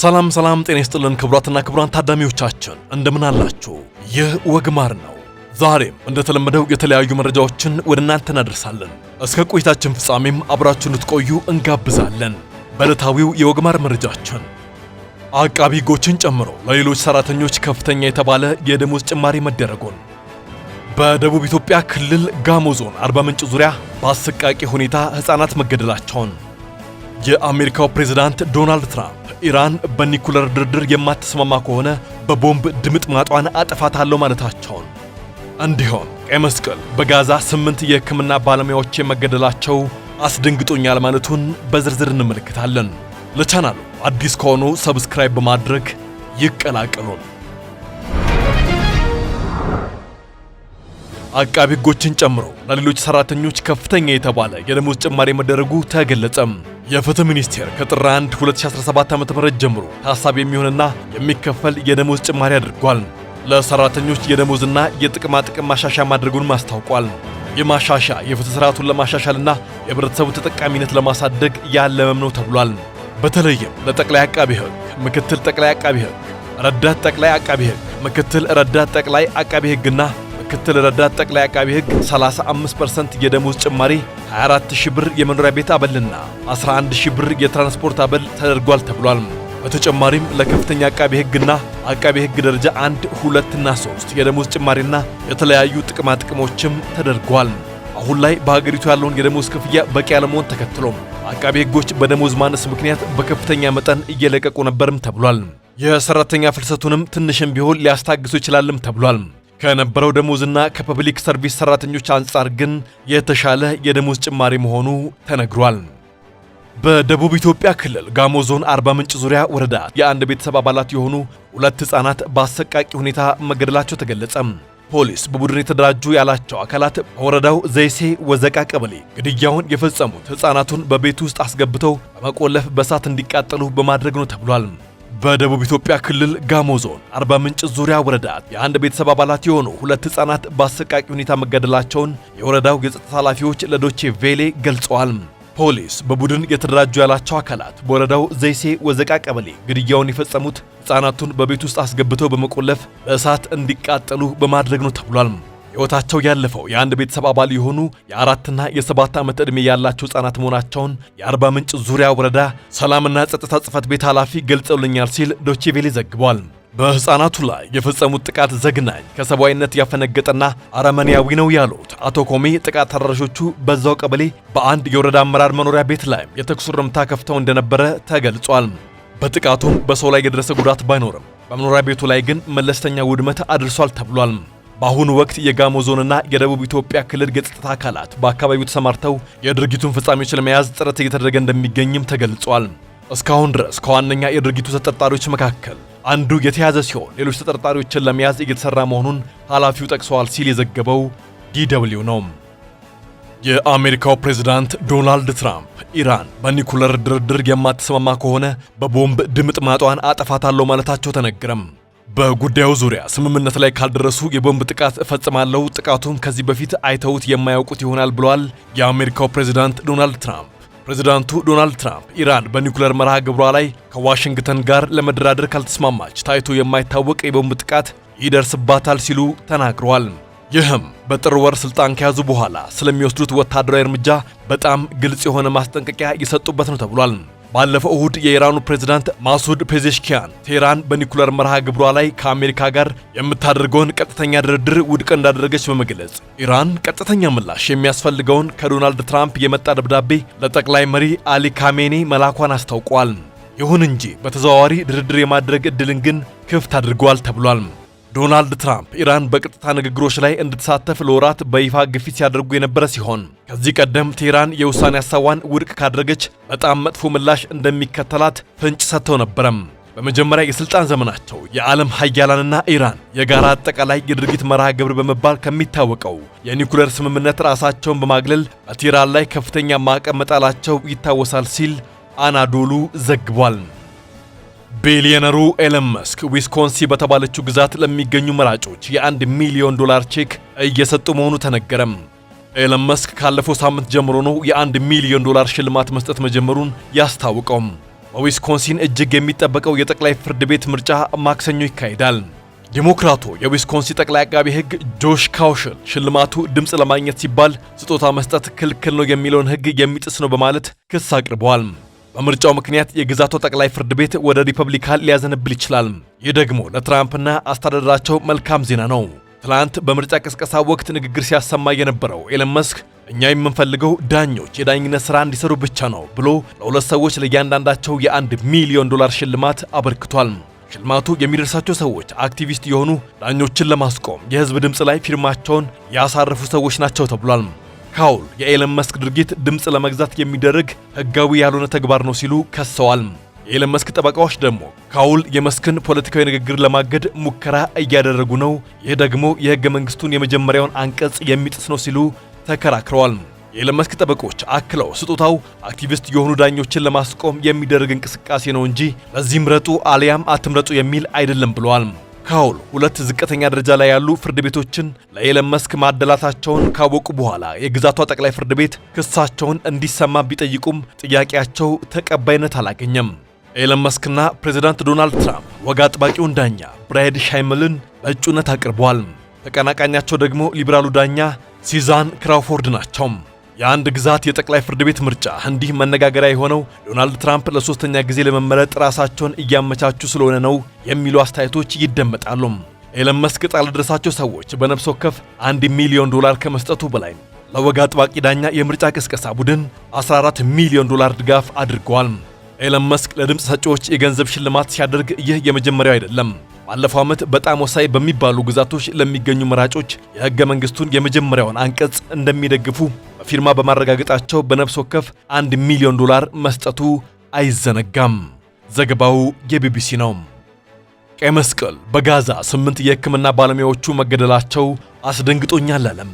ሰላም ሰላም፣ ጤና ይስጥልን ክቡራትና ክቡራን ታዳሚዎቻችን እንደምን አላችሁ? ይህ ወግማር ነው። ዛሬም እንደተለመደው የተለያዩ መረጃዎችን ወደ እናንተ እናደርሳለን። እስከ ቆይታችን ፍጻሜም አብራችሁ እንድትቆዩ እንጋብዛለን። በዕለታዊው የወግማር መረጃችን አቃቢ ሕጎችን ጨምሮ ለሌሎች ሰራተኞች ከፍተኛ የተባለ የደሞዝ ጭማሪ መደረጉን፣ በደቡብ ኢትዮጵያ ክልል ጋሞ ዞን አርባ ምንጭ ዙሪያ በአሰቃቂ ሁኔታ ሕፃናት መገደላቸውን፣ የአሜሪካው ፕሬዝዳንት ዶናልድ ትራምፕ ኢራን በኒኩለር ድርድር የማትስማማ ከሆነ በቦምብ ማጧን አጠፋታለሁ ማለታቸውን እንዲሁም ቀይ መስቀል በጋዛ ስምንት የሕክምና ባለሙያዎች የመገደላቸው አስደንግጦኛል ማለቱን በዝርዝር እንመለከታለን። ለቻናሉ አዲስ ከሆኑ ሰብስክራይብ በማድረግ ይቀላቀሉን። አቃቢ ሕጎችን ጨምሮ ለሌሎች ሰራተኞች ከፍተኛ የተባለ የደሞዝ ጭማሪ መደረጉ ተገለጸም። የፍትህ ሚኒስቴር ከጥር 1 2017 ዓ.ም ጀምሮ ታሳቢ የሚሆንና የሚከፈል የደሞዝ ጭማሪ አድርጓል። ለሰራተኞች የደሞዝና የጥቅማ ጥቅም ማሻሻያ ማድረጉን ማስታውቋል። የማሻሻ የፍትህ ስርዓቱን ለማሻሻልና የህብረተሰቡ ተጠቃሚነት ለማሳደግ ያለመም ነው ተብሏል። በተለይም ለጠቅላይ አቃቢ ህግ ምክትል ጠቅላይ አቃቢ ህግ፣ ረዳት ጠቅላይ አቃቢ ህግ፣ ምክትል ረዳት ጠቅላይ አቃቢ ህግና ምክትል ረዳት ጠቅላይ አቃቢ ህግ 35% የደሞዝ ጭማሪ 24 ሺህ ብር የመኖሪያ ቤት አበልና 11 ሺህ ብር የትራንስፖርት አበል ተደርጓል ተብሏል። በተጨማሪም ለከፍተኛ አቃቢ ህግና አቃቢ ህግ ደረጃ 1 2ና 3 የደሞዝ ጭማሪና የተለያዩ ጥቅማ ጥቅሞችም ተደርጓል። አሁን ላይ በሀገሪቱ ያለውን የደሞዝ ክፍያ በቂ አለመሆን ተከትሎም አቃቢ ህጎች በደሞዝ ማነስ ምክንያት በከፍተኛ መጠን እየለቀቁ ነበርም ተብሏል። የሰራተኛ ፍልሰቱንም ትንሽም ቢሆን ሊያስታግሱ ይችላልም ተብሏል። ከነበረው ደሞዝና ከፐብሊክ ሰርቪስ ሰራተኞች አንጻር ግን የተሻለ የደሞዝ ጭማሪ መሆኑ ተነግሯል። በደቡብ ኢትዮጵያ ክልል ጋሞ ዞን አርባ ምንጭ ዙሪያ ወረዳ የአንድ ቤተሰብ አባላት የሆኑ ሁለት ሕፃናት በአሰቃቂ ሁኔታ መገደላቸው ተገለጸ። ፖሊስ በቡድን የተደራጁ ያላቸው አካላት በወረዳው ዘይሴ ወዘቃ ቀበሌ ግድያውን የፈጸሙት ሕፃናቱን በቤት ውስጥ አስገብተው በመቆለፍ በእሳት እንዲቃጠሉ በማድረግ ነው ተብሏል። በደቡብ ኢትዮጵያ ክልል ጋሞ ዞን አርባ ምንጭ ዙሪያ ወረዳ የአንድ ቤተሰብ አባላት የሆኑ ሁለት ህጻናት በአሰቃቂ ሁኔታ መገደላቸውን የወረዳው የጸጥታ ኃላፊዎች ለዶቼ ቬሌ ገልጸዋል። ፖሊስ በቡድን የተደራጁ ያላቸው አካላት በወረዳው ዘይሴ ወዘቃ ቀበሌ ግድያውን የፈጸሙት ህጻናቱን በቤት ውስጥ አስገብተው በመቆለፍ በእሳት እንዲቃጠሉ በማድረግ ነው ተብሏል። ሕይወታቸው ያለፈው የአንድ ቤተሰብ አባል የሆኑ የአራትና የሰባት ዓመት ዕድሜ ያላቸው ሕፃናት መሆናቸውን የአርባ ምንጭ ዙሪያ ወረዳ ሰላምና ጸጥታ ጽፈት ቤት ኃላፊ ገልጸውልኛል ሲል ዶቼቬሌ ዘግቧል። በሕፃናቱ ላይ የፈጸሙት ጥቃት ዘግናኝ፣ ከሰብአዊነት ያፈነገጠና አረመኔያዊ ነው ያሉት አቶ ኮሜ ጥቃት ተደራሾቹ በዛው ቀበሌ በአንድ የወረዳ አመራር መኖሪያ ቤት ላይ የተኩስ ርምታ ከፍተው እንደነበረ ተገልጿል። በጥቃቱም በሰው ላይ የደረሰ ጉዳት ባይኖርም በመኖሪያ ቤቱ ላይ ግን መለስተኛ ውድመት አድርሷል ተብሏል። በአሁኑ ወቅት የጋሞ ዞንና የደቡብ ኢትዮጵያ ክልል ገጽታ አካላት በአካባቢው ተሰማርተው የድርጊቱን ፍጻሜዎች ለመያዝ ጥረት እየተደረገ እንደሚገኝም ተገልጿል። እስካሁን ድረስ ከዋነኛ የድርጊቱ ተጠርጣሪዎች መካከል አንዱ የተያዘ ሲሆን ሌሎች ተጠርጣሪዎችን ለመያዝ እየተሰራ መሆኑን ኃላፊው ጠቅሰዋል ሲል የዘገበው ዲደብሊው ነው። የአሜሪካው ፕሬዝዳንት ዶናልድ ትራምፕ ኢራን በኒኩለር ድርድር የማትስማማ ከሆነ በቦምብ ማጧን አጠፋታለሁ ማለታቸው ተነግረም። በጉዳዩ ዙሪያ ስምምነት ላይ ካልደረሱ የቦምብ ጥቃት እፈጽማለሁ፣ ጥቃቱም ከዚህ በፊት አይተውት የማያውቁት ይሆናል ብሏል የአሜሪካው ፕሬዚዳንት ዶናልድ ትራምፕ። ፕሬዚዳንቱ ዶናልድ ትራምፕ ኢራን በኒውክሌር መርሃ ግብሯ ላይ ከዋሽንግተን ጋር ለመደራደር ካልተስማማች ታይቶ የማይታወቅ የቦምብ ጥቃት ይደርስባታል ሲሉ ተናግረዋል። ይህም በጥር ወር ስልጣን ከያዙ በኋላ ስለሚወስዱት ወታደራዊ እርምጃ በጣም ግልጽ የሆነ ማስጠንቀቂያ የሰጡበት ነው ተብሏል። ባለፈው እሁድ የኢራኑ ፕሬዝዳንት ማሱድ ፔዜሽኪያን ቴህራን በኒኩለር መርሃ ግብሯ ላይ ከአሜሪካ ጋር የምታደርገውን ቀጥተኛ ድርድር ውድቅ እንዳደረገች በመግለጽ ኢራን ቀጥተኛ ምላሽ የሚያስፈልገውን ከዶናልድ ትራምፕ የመጣ ደብዳቤ ለጠቅላይ መሪ አሊ ካሜኔ መላኳን አስታውቋል። ይሁን እንጂ በተዘዋዋሪ ድርድር የማድረግ እድልን ግን ክፍት አድርጓል ተብሏል። ዶናልድ ትራምፕ ኢራን በቀጥታ ንግግሮች ላይ እንድትሳተፍ ለወራት በይፋ ግፊት ሲያደርጉ የነበረ ሲሆን ከዚህ ቀደም ቴህራን የውሳኔ ሀሳቧን ውድቅ ካደረገች በጣም መጥፎ ምላሽ እንደሚከተላት ፍንጭ ሰጥተው ነበረም። በመጀመሪያ የስልጣን ዘመናቸው የዓለም ሀያላንና ኢራን የጋራ አጠቃላይ የድርጊት መርሃ ግብር በመባል ከሚታወቀው የኒኩሌር ስምምነት ራሳቸውን በማግለል በቴህራን ላይ ከፍተኛ ማዕቀብ መጣላቸው ይታወሳል ሲል አናዶሉ ዘግቧል። ቢሊዮነሩ ኤለን መስክ ዊስኮንሲ በተባለችው ግዛት ለሚገኙ መራጮች የአንድ ሚሊዮን ዶላር ቼክ እየሰጡ መሆኑ ተነገረም። ኤለን መስክ ካለፈው ሳምንት ጀምሮ ነው የአንድ ሚሊዮን ዶላር ሽልማት መስጠት መጀመሩን ያስታውቀውም። በዊስኮንሲን እጅግ የሚጠበቀው የጠቅላይ ፍርድ ቤት ምርጫ ማክሰኞ ይካሄዳል። ዲሞክራቱ የዊስኮንሲ ጠቅላይ አቃቢ ሕግ ጆሽ ካውሽል ሽልማቱ ድምፅ ለማግኘት ሲባል ስጦታ መስጠት ክልክል ነው የሚለውን ሕግ የሚጥስ ነው በማለት ክስ አቅርበዋል። በምርጫው ምክንያት የግዛቱ ጠቅላይ ፍርድ ቤት ወደ ሪፐብሊካን ሊያዘንብል ይችላል። ይህ ደግሞ ለትራምፕና አስተዳደራቸው መልካም ዜና ነው። ትላንት በምርጫ ቅስቀሳ ወቅት ንግግር ሲያሰማ የነበረው ኤለን መስክ እኛ የምንፈልገው ዳኞች የዳኝነት ሥራ እንዲሰሩ ብቻ ነው ብሎ ለሁለት ሰዎች ለእያንዳንዳቸው የአንድ ሚሊዮን ዶላር ሽልማት አበርክቷል። ሽልማቱ የሚደርሳቸው ሰዎች አክቲቪስት የሆኑ ዳኞችን ለማስቆም የህዝብ ድምፅ ላይ ፊርማቸውን ያሳረፉ ሰዎች ናቸው ተብሏል። ካውል የኤለን መስክ ድርጊት ድምፅ ለመግዛት የሚደረግ ህጋዊ ያልሆነ ተግባር ነው ሲሉ ከሰዋል። የኤለን መስክ ጠበቃዎች ደግሞ ካውል የመስክን ፖለቲካዊ ንግግር ለማገድ ሙከራ እያደረጉ ነው፣ ይህ ደግሞ የህገ መንግስቱን የመጀመሪያውን አንቀጽ የሚጥስ ነው ሲሉ ተከራክረዋል። የኤለን መስክ ጠበቆች አክለው ስጦታው አክቲቪስት የሆኑ ዳኞችን ለማስቆም የሚደረግ እንቅስቃሴ ነው እንጂ በዚህ ምረጡ አሊያም አትምረጡ የሚል አይደለም ብለዋል። ካውል ሁለት ዝቅተኛ ደረጃ ላይ ያሉ ፍርድ ቤቶችን ለኤለን መስክ ማደላታቸውን ካወቁ በኋላ የግዛቷ ጠቅላይ ፍርድ ቤት ክሳቸውን እንዲሰማ ቢጠይቁም ጥያቄያቸው ተቀባይነት አላገኘም። ኤለን መስክና ፕሬዚዳንት ዶናልድ ትራምፕ ወግ አጥባቂውን ዳኛ ብራይድ ሻይምልን በእጩነት አቅርበዋል። ተቀናቃኛቸው ደግሞ ሊበራሉ ዳኛ ሲዛን ክራውፎርድ ናቸው። የአንድ ግዛት የጠቅላይ ፍርድ ቤት ምርጫ እንዲህ መነጋገሪያ የሆነው ዶናልድ ትራምፕ ለሶስተኛ ጊዜ ለመመረጥ ራሳቸውን እያመቻቹ ስለሆነ ነው የሚሉ አስተያየቶች ይደመጣሉ። ኤለን መስክ ጣል ደረሳቸው ሰዎች በነፍስ ወከፍ አንድ ሚሊዮን ዶላር ከመስጠቱ በላይ ለወግ አጥባቂ ዳኛ የምርጫ ቅስቀሳ ቡድን 14 ሚሊዮን ዶላር ድጋፍ አድርገዋል። ኤለን መስክ ለድምፅ ሰጪዎች የገንዘብ ሽልማት ሲያደርግ ይህ የመጀመሪያው አይደለም። ባለፈው ዓመት በጣም ወሳኝ በሚባሉ ግዛቶች ለሚገኙ መራጮች የሕገ መንግሥቱን የመጀመሪያውን አንቀጽ እንደሚደግፉ ፊርማ በማረጋገጣቸው በነፍስ ወከፍ አንድ ሚሊዮን ዶላር መስጠቱ አይዘነጋም። ዘገባው የቢቢሲ ነው። ቀይ መስቀል በጋዛ ስምንት የሕክምና ባለሙያዎቹ መገደላቸው አስደንግጦኛል አለም።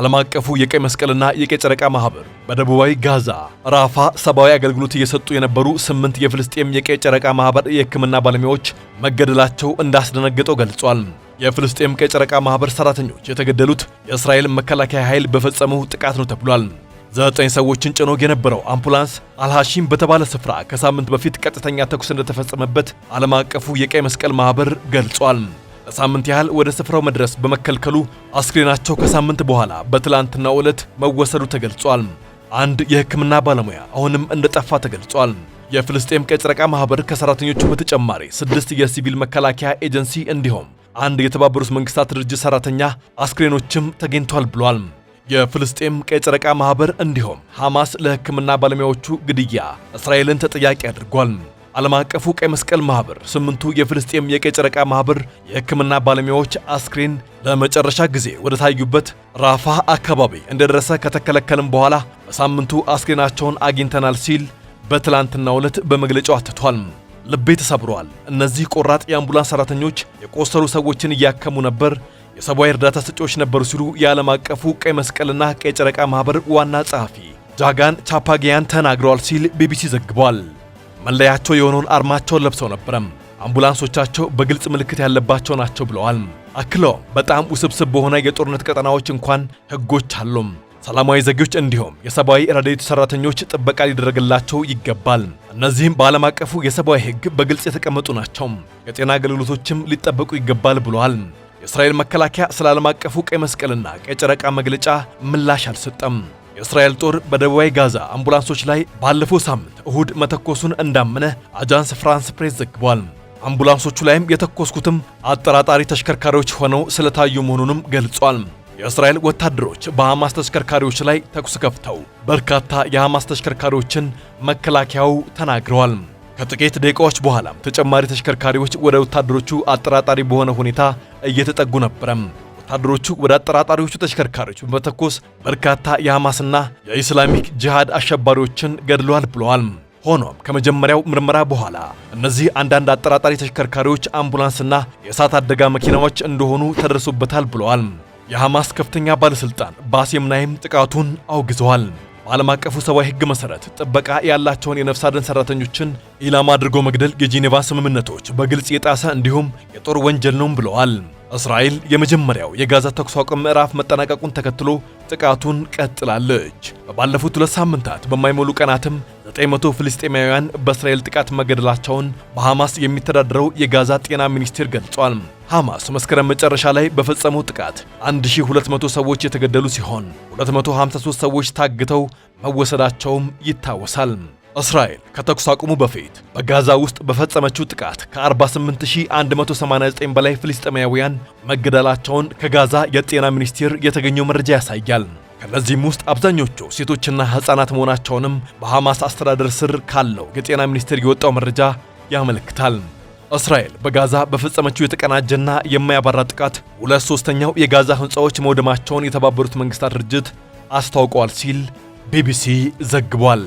ዓለም አቀፉ የቀይ መስቀልና የቀይ ጨረቃ ማህበር በደቡባዊ ጋዛ ራፋ ሰብአዊ አገልግሎት እየሰጡ የነበሩ ስምንት የፍልስጤም የቀይ ጨረቃ ማህበር የሕክምና ባለሙያዎች መገደላቸው እንዳስደነገጠው ገልጿል። የፍልስጤም ቀይ ጨረቃ ማህበር ሰራተኞች የተገደሉት የእስራኤል መከላከያ ኃይል በፈጸመው ጥቃት ነው ተብሏል። ዘጠኝ ሰዎችን ጭኖ የነበረው አምቡላንስ አልሃሺም በተባለ ስፍራ ከሳምንት በፊት ቀጥተኛ ተኩስ እንደተፈጸመበት ዓለም አቀፉ የቀይ መስቀል ማህበር ገልጿል። ለሳምንት ያህል ወደ ስፍራው መድረስ በመከልከሉ አስክሬናቸው ከሳምንት በኋላ በትላንትናው ዕለት መወሰዱ ተገልጿል። አንድ የሕክምና ባለሙያ አሁንም እንደጠፋ ተገልጿል። የፍልስጤም ቀይ ጨረቃ ማህበር ከሰራተኞቹ በተጨማሪ ስድስት የሲቪል መከላከያ ኤጀንሲ እንዲሁም አንድ የተባበሩት መንግስታት ድርጅት ሰራተኛ አስክሬኖችም ተገኝቷል ብሏል። የፍልስጤም ቀይ ጨረቃ ማህበር እንዲሁም ሐማስ ለሕክምና ባለሙያዎቹ ግድያ እስራኤልን ተጠያቂ አድርጓል። ዓለም አቀፉ ቀይ መስቀል ማህበር ስምንቱ የፍልስጤም የቀይ ጨረቃ ማህበር የሕክምና ባለሙያዎች አስክሬን ለመጨረሻ ጊዜ ወደ ታዩበት ራፋ አካባቢ እንደደረሰ ከተከለከልም በኋላ በሳምንቱ አስክሬናቸውን አግኝተናል ሲል በትላንትናው ዕለት በመግለጫው አትቷል። ልቤ ተሰብሯል። እነዚህ ቆራጥ የአምቡላንስ ሰራተኞች የቆሰሉ ሰዎችን እያከሙ ነበር፣ የሰብአዊ እርዳታ ሰጪዎች ነበሩ ሲሉ የዓለም አቀፉ ቀይ መስቀልና ቀይ ጨረቃ ማህበር ዋና ጸሐፊ ጃጋን ቻፓጊያን ተናግረዋል ሲል ቢቢሲ ዘግቧል። መለያቸው የሆነውን አርማቸውን ለብሰው ነበረም። አምቡላንሶቻቸው በግልጽ ምልክት ያለባቸው ናቸው ብለዋል። አክለው በጣም ውስብስብ በሆነ የጦርነት ቀጠናዎች እንኳን ህጎች አሉም ሰላማዊ ዜጎች እንዲሁም የሰብአዊ ረድኤት ሰራተኞች ጥበቃ ሊደረግላቸው ይገባል። እነዚህም በዓለም አቀፉ የሰብአዊ ሕግ በግልጽ የተቀመጡ ናቸው። የጤና አገልግሎቶችም ሊጠበቁ ይገባል ብለዋል። የእስራኤል መከላከያ ስለ ዓለም አቀፉ ቀይ መስቀልና ቀይ ጨረቃ መግለጫ ምላሽ አልሰጠም። የእስራኤል ጦር በደቡባዊ ጋዛ አምቡላንሶች ላይ ባለፈው ሳምንት እሁድ መተኮሱን እንዳመነ አጃንስ ፍራንስ ፕሬስ ዘግቧል። አምቡላንሶቹ ላይም የተኮስኩትም አጠራጣሪ ተሽከርካሪዎች ሆነው ስለታዩ መሆኑንም ገልጿል። የእስራኤል ወታደሮች በሐማስ ተሽከርካሪዎች ላይ ተኩስ ከፍተው በርካታ የሐማስ ተሽከርካሪዎችን መከላከያው ተናግረዋል። ከጥቂት ደቂቃዎች በኋላም ተጨማሪ ተሽከርካሪዎች ወደ ወታደሮቹ አጠራጣሪ በሆነ ሁኔታ እየተጠጉ ነበረም። ወታደሮቹ ወደ አጠራጣሪዎቹ ተሽከርካሪዎች በመተኮስ በርካታ የሐማስና የኢስላሚክ ጅሃድ አሸባሪዎችን ገድለዋል ብለዋል። ሆኖም ከመጀመሪያው ምርመራ በኋላ እነዚህ አንዳንድ አጠራጣሪ ተሽከርካሪዎች አምቡላንስና የእሳት አደጋ መኪናዎች እንደሆኑ ተደርሶበታል ብለዋል። የሐማስ ከፍተኛ ባለስልጣን ባሲም ናይም ጥቃቱን አውግዘዋል። በዓለም አቀፉ ሰብአዊ ሕግ መሠረት ጥበቃ ያላቸውን የነፍስ አድን ሠራተኞችን ኢላማ አድርጎ መግደል የጄኔቫ ስምምነቶች በግልጽ የጣሰ እንዲሁም የጦር ወንጀል ነውም ብለዋል። እስራኤል የመጀመሪያው የጋዛ ተኩስ አቁም ምዕራፍ መጠናቀቁን ተከትሎ ጥቃቱን ቀጥላለች። በባለፉት ሁለት ሳምንታት በማይሞሉ ቀናትም 900 ፍልስጤማውያን በእስራኤል ጥቃት መገደላቸውን በሐማስ የሚተዳደረው የጋዛ ጤና ሚኒስቴር ገልጿል። ሐማስ መስከረም መጨረሻ ላይ በፈጸመው ጥቃት 1200 ሰዎች የተገደሉ ሲሆን 253 ሰዎች ታግተው መወሰዳቸውም ይታወሳል። እስራኤል ከተኩስ አቁሙ በፊት በጋዛ ውስጥ በፈጸመችው ጥቃት ከ48189 በላይ ፍልስጤማውያን መገደላቸውን ከጋዛ የጤና ሚኒስቴር የተገኘው መረጃ ያሳያል። ከነዚህም ውስጥ አብዛኞቹ ሴቶችና ሕፃናት መሆናቸውንም በሐማስ አስተዳደር ስር ካለው የጤና ሚኒስቴር የወጣው መረጃ ያመለክታል። እስራኤል በጋዛ በፈጸመችው የተቀናጀና የማያባራ ጥቃት ሁለት ሶስተኛው የጋዛ ሕንፃዎች መውደማቸውን የተባበሩት መንግስታት ድርጅት አስታውቋል ሲል ቢቢሲ ዘግቧል።